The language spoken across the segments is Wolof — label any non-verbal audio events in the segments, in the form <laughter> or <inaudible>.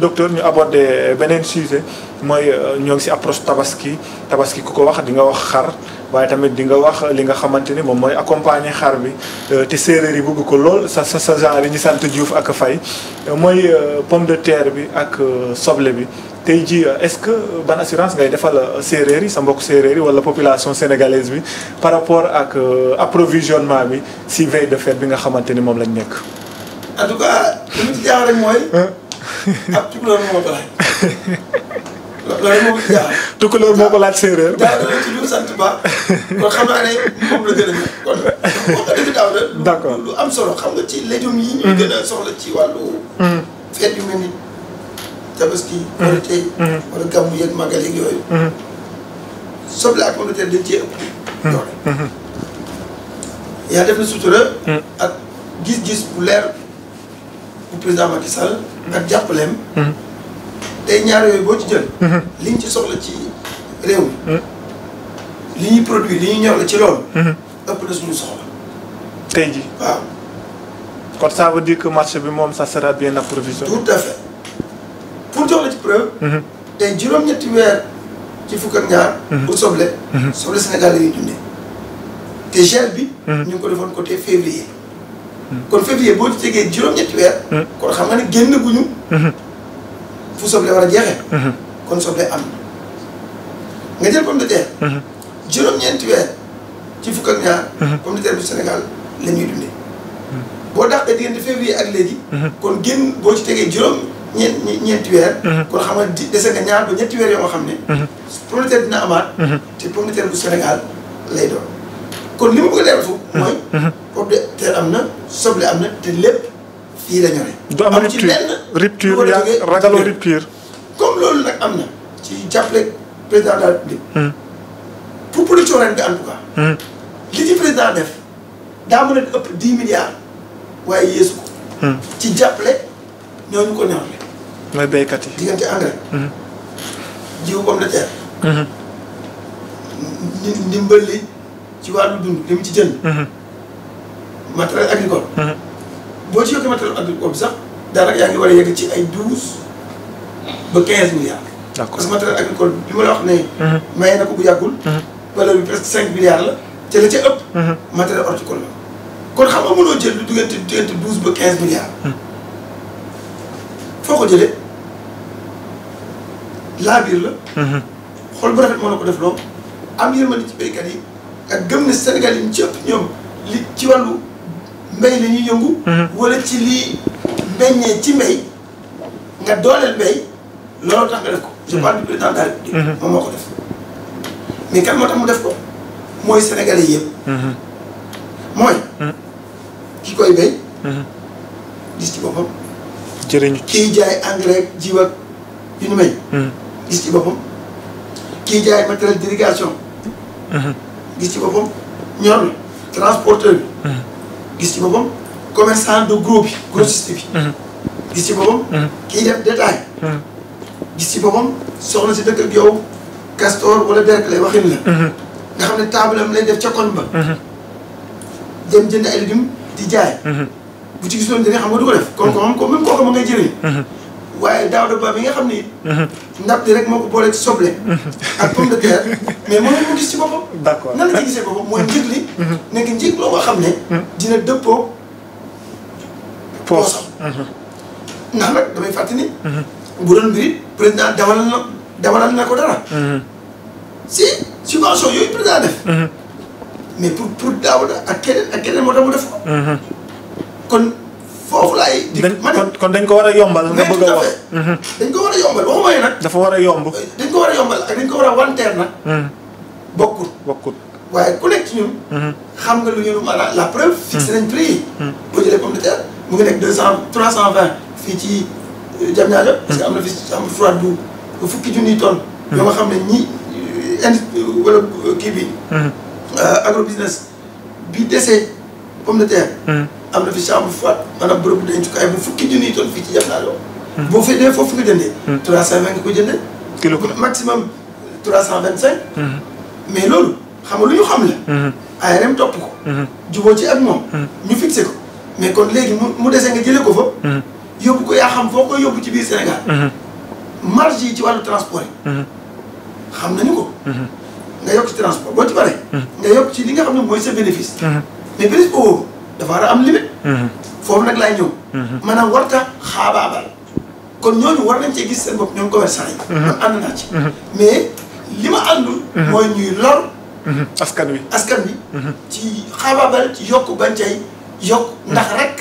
docteur ñu abordé benen sujet moy euh, ñoo ci approche tabaski tabaski wax di nga wax xar tamit di nga wax li nga accompagner xar bi euh, ko lool sa sa sa ak euh, pomme de terre bi ak soble bi est-ce que ban assurance ngay sa population sénégalaise par rapport ak approvisionnement si veille de fête bi nga en tout cas ah tukulóor moo ko laaj. loolu moom séeréer. jaaxal na ci biir sant ba. kon xam ne moom <laughs> lu am solo xam nga ci légumes yi. ñuy gën a mm-hmm. soxla ci wàllu. feet yu mel ni tabaski. wala mm-hmm. tey. Mm-hmm. wala gàmmu yeeg de yaa def na sutura. ak gis-gis bu leer. bu président Macky Sall. Mm-hmm. ak jàppaleem. Mm-hmm. tey ñaar yooyu boo ci jël. Mm-hmm. liñ ci soxla ci réew mi. li ñuy produit li ñuy ñor la ci loolu. ëpp na suñu soxla. tey jii waaw. kon ça veut dire que marché bi moom ça sera bien approvisionné. tout à fait pour jox la ci preuve. tey juróom-ñetti weer ci fukk ak ñaar. bu soble. soble Sénégal la dundee. te gel bi. ñu ngi ko defoon côté Hmm. kon février bo ci tegee juróom-ñetti weer. Hmm. kon xam nga ni génn guñu. Hmm. fu soble wara a kon soble am nga jël pomme de terre. juróom-ñeenti weer ci fukk ak ñaar. pomme de terre bu Sénégal la ñuy bo daxé di diggante février ak légui kon génn bo ci tegee juróom ñeent ñeenti weer. kon xam nga déssé dese nga ñaar ba ñetti weer yo xamné pomme de terre dina amaat. ci pomme de terre bu Sénégal lay doon. kon li ma bëgg a leeral foofu. Mhm. mooy. Mhm. pomme de am na soble am na te lépp fii la ñoree. du am rupture am ragaloo rupture. comme loolu nag am na ci jàppale président de la République. Mhm. pour production ren bi en tout cas. li ci président ëpp dix milliards waaye yeesu ko. ci jàppale ñooñu ko ñorle. mooy béykat yi. diggante engrais. jiwu pomme de terre. ndimbal li. ci wàllu dund li mu ci jënd. Mhm. matériel agricole. Mhm. boo ci yokkee matériel agricole bi sax daanaka yaa ngi war a yegg ci ay douze ba quinze milliards. d'accord parce que matériel agricole bi ma la wax ne. Mhm. maye na ko bu yàggul. valeur bi presque cinq milliards la te ci ca ëpp. matériel horticole la kon xam nga mënoo jël lu diggante diggante douze ba quinze milliards. foo ko jëlee laa biir la. xol bu rafet moo la ko def loo am yërmande ci béykat yi. ak gëm ne Sénégal yi ci ëpp ñoom li ci wàllu mbéy la ñuy yëngu. Mhm. wala ci lii meññee ci mbéy nga dooleel mbéy loolu tax nga def ko. je mhm. parle du président de mhm. moom moo ko def mais kan moo tax mu def ko mooy sénégalais yëpp. mooy. ki koy béy. gis ci boppam. jëriñu jaay engrais jiw ak yu nu may. gis ci boppam ki jaay matériel d'irrigation. gis ci boppam ñor la transporteur bi. Mm-hmm. gis ci boppam commerçant de gros bi grossiste bi. Mm-hmm. gis ci boppam. Mm-hmm. kiy def détail. gis ci boppam soxna si dëkk ak yow castor wala derk lay waxin la. nga xam ne taable am lay def ca koñ ba. dem jënd ay légumes di jaay. bu ci gisoon dina xam nga du ko def. kon ko xam ko même kooku ma ngay jëriñ. Daouda Ba bi nga xam ni. natt rek moo ko boole ci soble. ak pomme de terre mais mënoon mu gis ci boppam. d'accord nan la ci gisee boppam mooy njëg li. nekk njëg loo nga xam ne. dina dëppoo. poosam ndax nag damay fàttali ni. bu doon mbiri président dawalal na dawalal na ko dara. si subvention yooyu président mhm. mais pour pour Daouda ak keneen ak keneen moo tax mu def ko. Mhm. foofu laay. man kon kon dañ ko war a yombal nga bëgg a wax. Mhm. dañ ko war a yombal waxuma dafa war a yomb. dañ ko war a yombal ak dañ ko war a wanteer nag. Mhm. bokkut bokkut. waaye ku nekk ñun. Mhm. xam nga lu ñu maanaam la preuve. fixé nañ prix de terre mu ngi nekk fii ci euh, Diamniadio. parce que am na fi am froid bu fukki junniy tonnes. yoo nga xam ne ñi euh, indi euh, wala kii bi. agro business bi dese pomme de terre. am na fi chambre froide maanaam bërëb dencukaay bu fukki junniy tonne fii ci Diamniadio boo fee dee foofu nga jëndee hmm. trois cent vingt nga ko jëndee maximum trois cent vingt cinq hmm. mais loolu xam nga lu ñu xam la ARM hmm. topp ko juboo ci ak moom ñu fixe ko mais kon léegi mu mu desee nga jëlee ko fa yóbbu ko yaa xam foo ko yóbbu ci biir Sénégal marge yi ci wàllu transport yi xam nañu ko nga yokk ci transport boo ci paree nga yokk ci li nga xam ne mooy sa bénéfice dafa war a am limite. Mm-hmm. foofu nag laay ñëw. Mm-hmm. maanaam warut a xaabaabal. kon ñooñu war nañ cee gis seen bopp ñoom commerçant yi. Mm-hmm. man ànd naa ci. mais li ma àndul. mooy ñuy lor. askan wi askan wi. ci xaabaabal ci yokk bañ cay yokk ndax rek.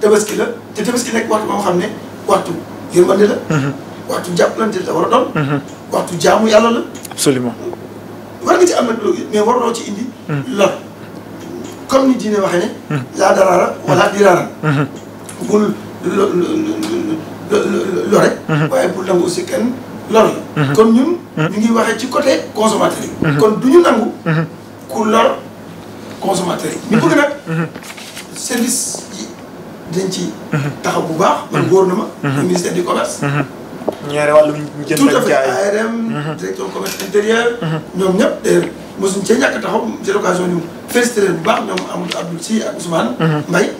tabaski la te tabaski nekk waxtu moo xam ne waxtu yërmande la. waxtu jàppalante la war a doon. waxtu jaamu yàlla la. absolument war nga ci am nag loolu mais waruloo ci indi. lor. comme ni diine waxee ne. laa daraara wala diraara. bul lo lore. waaye bul nangu si kenn lor la. kon ñun. ñu ngi waxee ci côté consommateur yi. kon du ñu nangu. ku lor consommateur yi. ñu bëgg nag service yi dañ ci. taxaw bu baax. man gouvernement. le ministère du commerce. ñu yore wàllum jënd ak jaay tout ARM. directeur commerce intérieur. ñoom ñëpp d'ailleurs. mosuñ cee ñàkk taxaw c'est l'occasion ñu félicité leen bu baax ñoom Amadou Abdou Sy ak Ousmane mhm. Mhm. Mbaye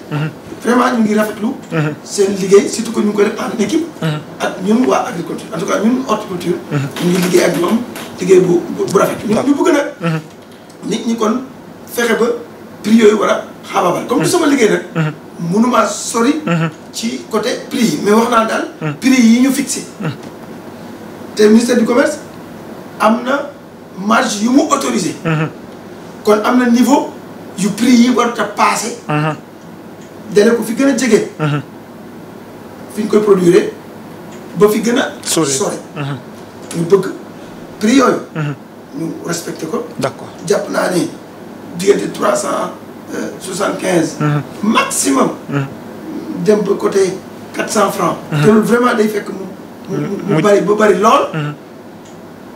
vraiment ñu ngi rafetlu mhm. seen liggéey surtout que ñu ngi koy def en équipe ak ñun waa agriculture en tout cas ñu ngi liggéey ak ñoom liggéey bu bu rafet ñu ñu bëgg nag ñi kon fexe ba prix yooyu war a xaabaabal comme du sama liggéey nag mënuma sori ci côté prix yi mais wax naa daal prix yi ñu fixé te ministère du commerce am na marge yu mu autorisé. Mhm. kon amna niveau yu prix yi warut a passé. Mhm. dale ko fi gëna djégé jege. Mhm. fi koy produire ba fi gëna a. sore ñu bëgg prix yooyu. ñu respecté ko. d'accord japp na ni diggante trois euh, maximum. dem ba côté 400 francs. te vraiment day fekk mu. bari ba bari lool.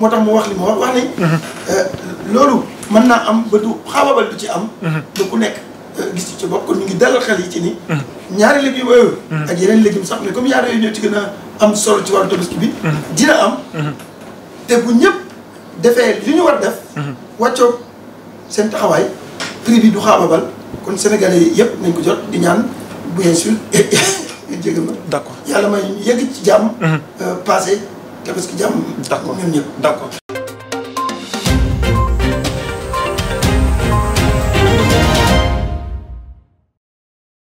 moo tax mu wax li mu wax wax ne. Mhm. Euh, loolu mën naa am ba du xaababal du ci am. Mhm. ba ku nekk euh, gis ci bopp kon ñu ngi dalal xel yi ci ni. Mhm. ñaari légumes yooyu. ak yeneen légumes sax mais comme ñaar yooyu ñoo ci gën a am solo ci wàllu tabaski bi. dina am. te bu ñëpp defee ñu war def. wàccoog seen taxawaay prix bi du xaababal kon sénégalais yëpp nañ ko jot di ñaan bien sûr <laughs> jégal ma. d'accord yàlla may yegg ci jàmm. Euh, passé. Trebuie să chideam? Dacă. Mie, dacă.